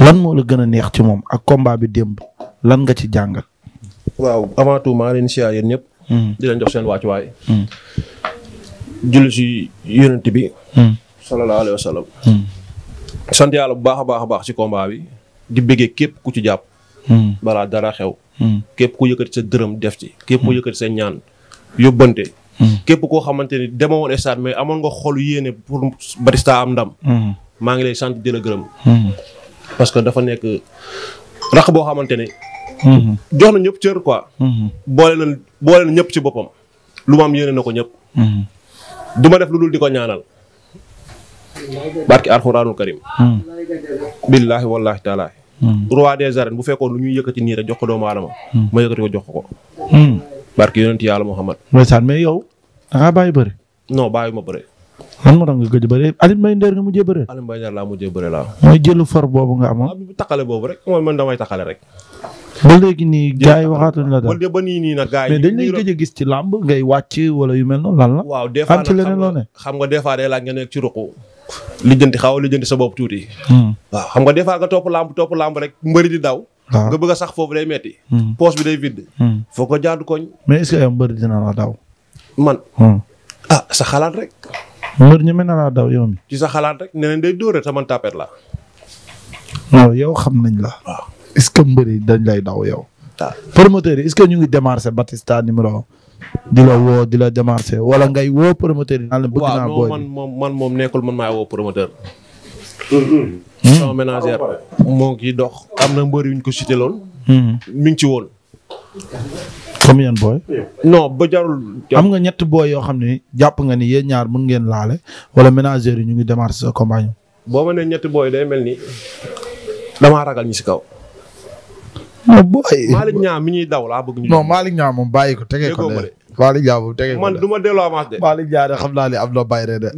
lan moo la gën a neex ci moom ak combat bi démb lan nga ci jàng waaw avant tout maa leen siyaar yéen ñëpp. Mm-hmm. di leen jox seen wàccuwaay. Mm-hmm. julli si bi. Mm-hmm. sallallahu alayhi wa sallam. sant yàlla bu baax a baax a baax ci combat bi. di bëggee képp ku ci jàpp. balaa dara xew. képp ku yëkkati sa dërëm def ci. képp ku yëkkati sa ñaan yóbbante. képp koo xamante ni demoon stade mais amoon nga xolu yéene pour Batista am ndam. maa ngi lay sant di la gërëm. parce que dafa nekk rax boo xamante ne. Mhm. jox na ñëpp cër quoi. Mhm. boole na boole ñëpp ci boppam. lu ma am yéene na ko ñëpp. Mhm. duma def lu dul di ko ñaanal. barki alxuraanul karim. billaahi wallaahi taalaahi. roi des arènes bu fekkoon lu ñuy yëkkati nii rek jox ko doomu aadama. ma yëkkati ko jox ko barki yonent yàlla Muhammad. ndeysaan mais yow da ngaa bàyyi bëri. non bàyyi ma bëri. man moo tax nga gëj a bëri Alioune Mbaye Nder nga mujjee bëri. Alioune Mbaye Nder laa mujjee bëri laa. mooy jëlu for boobu nga amoon. waaw ah, taxale boobu rek mooy man damay taxale rek. ba léegi nii gars yi waxaatuñ la dara ba nii nii nag gars yi mais dañ a la. waaw des fois nag xam nga des fois day laaj nga nekk ci ruqu. lijjanti xaw a lijjanti sa bopp tuuti. Hmm. waaw xam nga des fois nga topp làmb topp day hmm. bi day vide. Hmm. foo ko jaadu koñ. mais est-ce que ay mbëri dina la man. ah sa xalaat rek. mbër ñeme na laa daw yow ci sa xalaat rek ne day dóore te man tapet la. yow xam nañ la. waaw est ce que mbër yi dañ lay daw yow. promoteur yi est ce que ñu ngi démarché Batista numéro di la woo di la démarché wala ngay woo promoteur yi. bëgg naa booy man moom man moom nekkul man maay woo promoteur. Hmm? sama ménagère moo ngi dox am na mbër yu ñu ko cité loon. Hmm. mi ci woon. comme yan booy. non ba jarul. am nga ñett booy yoo xam ne jàpp nga ni yéen ñaar mun ngeen laale wala ménagères yi ñu ngi démarrer sa compagnon. boo ma ñett booy day mel ni damaa ragal ñu si kaw. non booy. Malick Niang mi ñuy daw laa bëgg ñu. non Malick Niang moom bàyyi ko tegee ko de. Malick Niang moom tegee ko man du ma delloo avance de. Malick Niang de xam naa ne am na bàyyi de.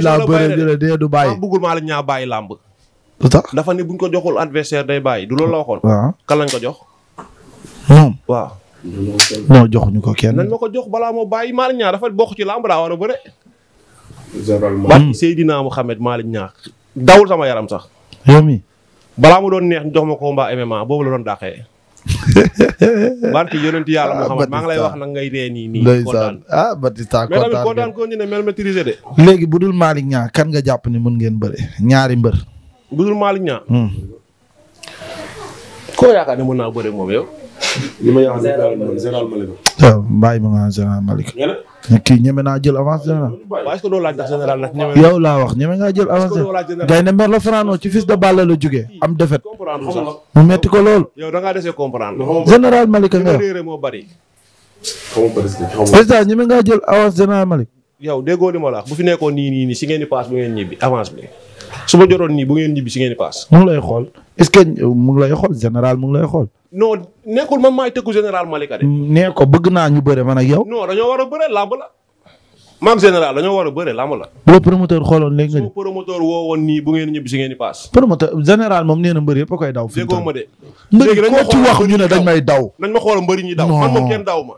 la bàyyi de de du bàyyi. maa bëggul Malick Niang bàyyi làmb. lu tax dafa ne buñ ko joxul adversaire day bàyyi du loolu la waxoon. kan ko jox. moom waaw. non joxuñu ko kenn. nan ma ko jox balaa moo bàyyi Malick Niang dafa bokk ci làmb daa war a bëre. généralement man Seydina Mouhamed Malick Niang dawul sama yaram sax. yow mu doon neex jox ma ko boobu la doon dàqee. barki yonent yàlla ah, Mouhamed maa ngi lay wax nag ngay dee nii nii. kontaan ah Batista kontaan mais tamit kontaan de. léegi bu dul Malick Niang kan nga jàpp ni mën ngeen bëre ñaari mbër. bu dul Malick Niang. Hmm. koo yaakaar ne mën naa bëre moom yow. li ma yaakaar général Malick waaw bàyyi ma nga général Malick. jël avance général. waaw est-ce que doo yow laa wax ñeme ngaa jël avance. gaynde mer la fanaanoo ci fils de Balla la jógee am defet. mu metti ko lool. yow da ngaa dese comprendre. général Malick nga wax président ñeme ngaa jël avance général Malick. yow déggoo li ma la wax bu fi nekkoon nii nii nii si ngeen paas bu ngeen ñibbi avance bi. su ma jotoon nii bu ngeen ñibbi si ngeen di paas. mu ngi lay xool est-ce que mu ngi lay xool général mu ngi lay xool non nekkul ma maay tëkku général Malika de. nee ko bëgg naa ñu bëre man ak yow. non dañoo war a bëre làmb la. maam général dañoo war a bëre làmb la. bu la promoteur xooloon léegi nga. su promoteur woo woon nii bu ngeen ñëbbi si ngeen di paas. promoteur général moom nee mbër yëpp a koy daw. fi mu ma de. léegi dañ ma ci wax ñu dañ may daw. ma xool mbëri ñi daw. man moom kenn daw ma.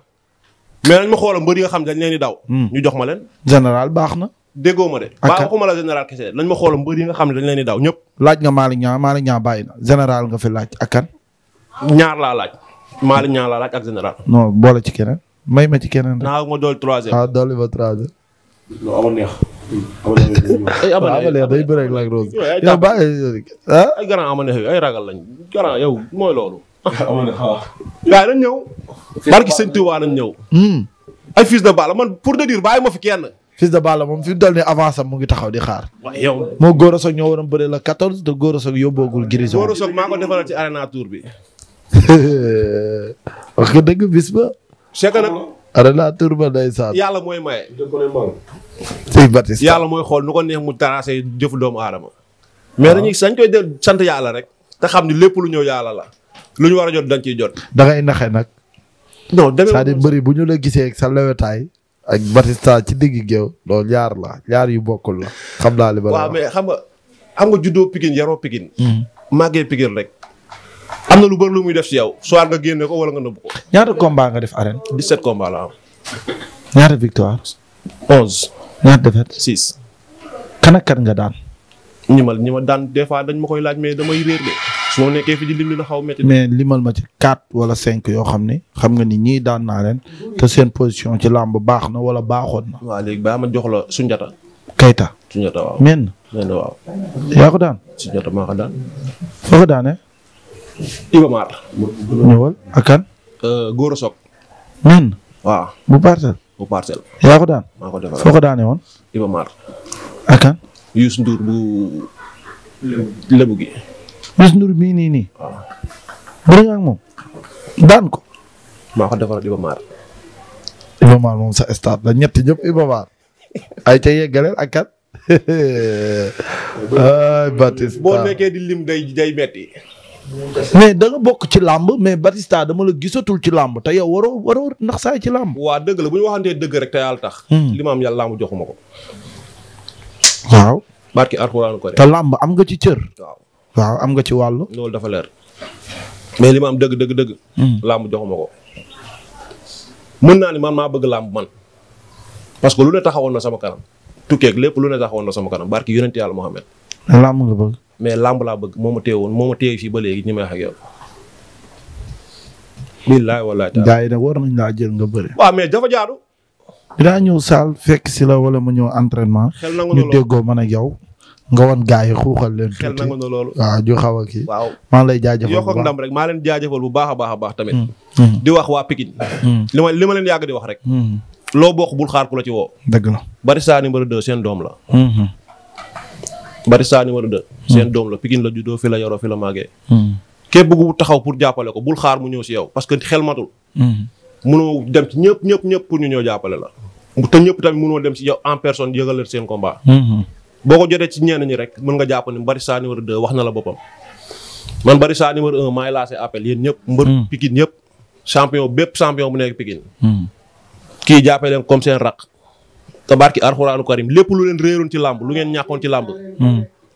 mais dañ ma xool mbëri nga xam dañ leen di daw. Hmm. jox ma leen. général baax na. déggoo ma la général kese dañ ma xool mbëri nga xam dañ leen di daw ñëpp. laaj nga Malick Niang Malick Niang bàyyi na général nga fi laaj ak ñaar laa laaj. Malick ñaar laa ak général. non boole ci keneen. may ma ci keneen. naa ma dool troisième. ah doole ma troisième. yow bàyyi ah? ay grand ama neex ragal lañ mooy loolu. ama neex waaw. gars ñëw. barki sëñ Touba dañ hmm. ay fils de Balla man pour te dire bàyyi fi kenn. fils de Balla moom fi mu dal mu ngi taxaw di xaar. waaye yow moo Gora Sock ñoo waroon bëri la 14 te Gora Sock yóbboogul Grisou. Gora Sock maa ko ci arena tour bi. wax nga dëgg bis ba. c'est nag. relateur ba ndeysaan. yàlla mooy maye. sëñ yàlla mooy xool nu ko neex mu tarasé jëfu doomu aadama. mais dañuy sañ koy del sant yàlla rek. te xam ni lépp lu ñëw yàlla la. lu ñu war a jot dañ ciy jot. da ngay naxe nag. non demee cest à bëri bu ñu la gisee sa lewetaay ak Batista ci digg géew loolu ñaar la ñaar yu bokkul la. xam naa li ba la xam nga xam nga juddoo Pikine yaroo Pikine. Hmm. màggee Pikine rek. am na lu bëri lu muy def si yow soit nga génne ko wala nga nëbb ko. ñaata combat nga def arène. 17 combat la am. ñaata victoire. 11. ñaata défaite. 6. kan nga daan. ñi ma ñi ma daan des fois dañ ma koy laaj mais damay réer de su ma la xaw metti mais limal ma ci 4 wala 5 yoo xam ne xam nga ni ñii daan naa ren te seen position ci làmb baax na wala baaxoon na. waaw léegi baa ma jox la Sunjata. Kayta. Sunjata waaw. men. men waaw. yaa ko daan. ko daan. foo ko daanee. Iba Mar. ñëwal ak kan. Euh, Gora Sock. nen. waaw bu parcelle. bu parcelle. yaa ko daan. foo ko daanee woon. Iba Mar. ak kan. Youssou Ndour bu. lébu gi. Youssou Ndour nii nii. waaw. bëri moom. daan ko. maa ko defal Iba Mar. moom sa stade la ñetti ñëpp Iba Mar. ay ca yeggaleel ak kan. boo nekkee di lim day day metti mais da bokk ci làmb mais Batista dama la gisatul ci làmb te yow waroo waroo ndax saay ci làmb. waa dëgg la bu ñu waxantee dëgg rek te yàlla tax. Hmm. li ma am yàlla làmb joxuma ko. waaw. barki làmb am nga ci cër. am nga ci wàll. loolu dafa leer mais li am dëgg dëgg dëgg. Hmm. làmb joxuma ko. mën naa ni man maa bëgg làmb man parce que lu ne taxawoon na sama kanam tukkeeg lépp lu ne taxawoon na sama kanam barki yonent yàlla Muhammad làmb nga bëgg. mais làmb laa bëgg moo ma téye woon moo ma téye fii ba léegi ñu may wax ak yow. billaay wallaay yi nag war nañ laa jël nga bëri. waaw mais dafa jaadu. dinaa ñëw saal fekk si la wala ma ñëw entraînement. xel nangu ñu déggoo man yow. nga wan gars yi xuuxal leen. tuuti xel nangu na loolu. waaw ju xaw kii. waaw maa lay jaajëfal bu baax rek maa leen jaajëfal bu baax a baax baax tamit. Mm. Mm. Mm. di wax waa li ma li ma leen yàgg di wax rek. loo bokk bul la ci woo. dëgg la Barista numéro 2 seen doom la. Mm-hmm. Barista numéro 2. seen hmm. doom la Pikine la juddoo fi la yoroo fi la màggee. Hmm. képp ku taxaw pour jàppale ko bul xaar mu ñëw si yow parce que xel matul. mënoo hmm. dem ci ñëpp ñëpp ñëpp pour ñu ñëw jàppale la. te ñëpp tamit mënoo dem si yow en personne yëgal leen seen combat. boo ko jotee ci ñenn ñi rek mën nga jàpp ne Barissa a 2 wax na la boppam. man sa numéro 1 maay lancé appel yéen ñëpp. mbër Pikine ñëpp. champion bépp champion bu nekk Pikine. kii jàppee leen comme seen raq. te barki Alxuraanu Karim lépp lu leen réeroon ci làmb lu ci làmb.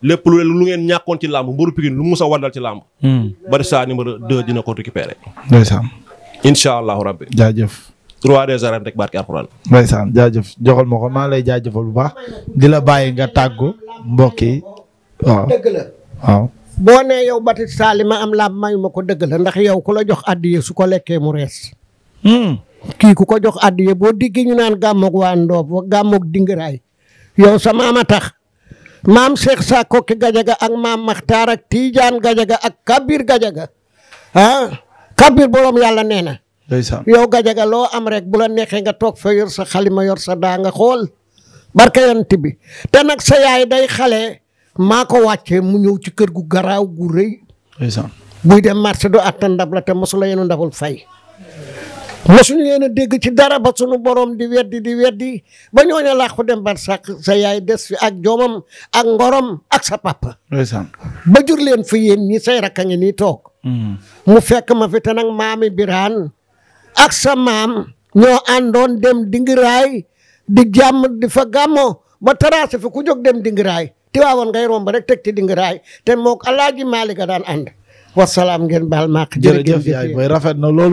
lépp lu lu ngeen ñàkkoon ci làmb mburu Pikine lu mu sa wandal ci làmb. Hmm. Barissa numéro 2 dina ko récupérer. ndeysaan. incha allahu rabbi. jaajëf. trois jaajëf joxal ma ko maa lay jaajëfal bu baax. di la bàyyi nga tàggu mbokk yi waaw dëgg la waaw. boo nee yow Batista li ma am làmb mayu ma ko dëgg la ndax yow ku la jox addiye su ko lekkee mu rees. Hmm. kii ku ko jox addiye boo diggi ñu naan gàmmoog waa wa gàmmoog dingiraay yow sa maama tax. maam Cheikh Sakkoki Gajaga ak maam Makhtar ak Tidiane Gajaga ak Kabir Gajaga ah Kabir borom yàlla nee na. yow Gajaga loo am rek bu la neexee nga toog fa yor sa xalima yor sa daa nga xool barke yant bi te nag sa yaay day xale maa ko wàccee mu ñëw ci kër gu garaaw gu rëy. buy dem marché du àttan ndab la te mosu yenu ndabul fay. masuñu leen a dégg ci dara ba sunu borom di weddi di weddi ba ñooñu làqu dem ba sàq sa yaay des fi ak joomam ak ngorom ak sa papa. ba jur leen fi yéen ñi say rakka ngi nii toog. Mm-hmm. mu fekk ma fi te nag maami biraan ak sa maam ñoo àndoon dem dingiraay di jàmm di fa gàmmo ba taraase fi ku jóg dem dingiraay te waawoon ngay ba rek teg ci dingiraay te mook Alaaji Maaliga daan ànd wasalaam ngeen baal maaq jërëjëf yaay booy rafet na lool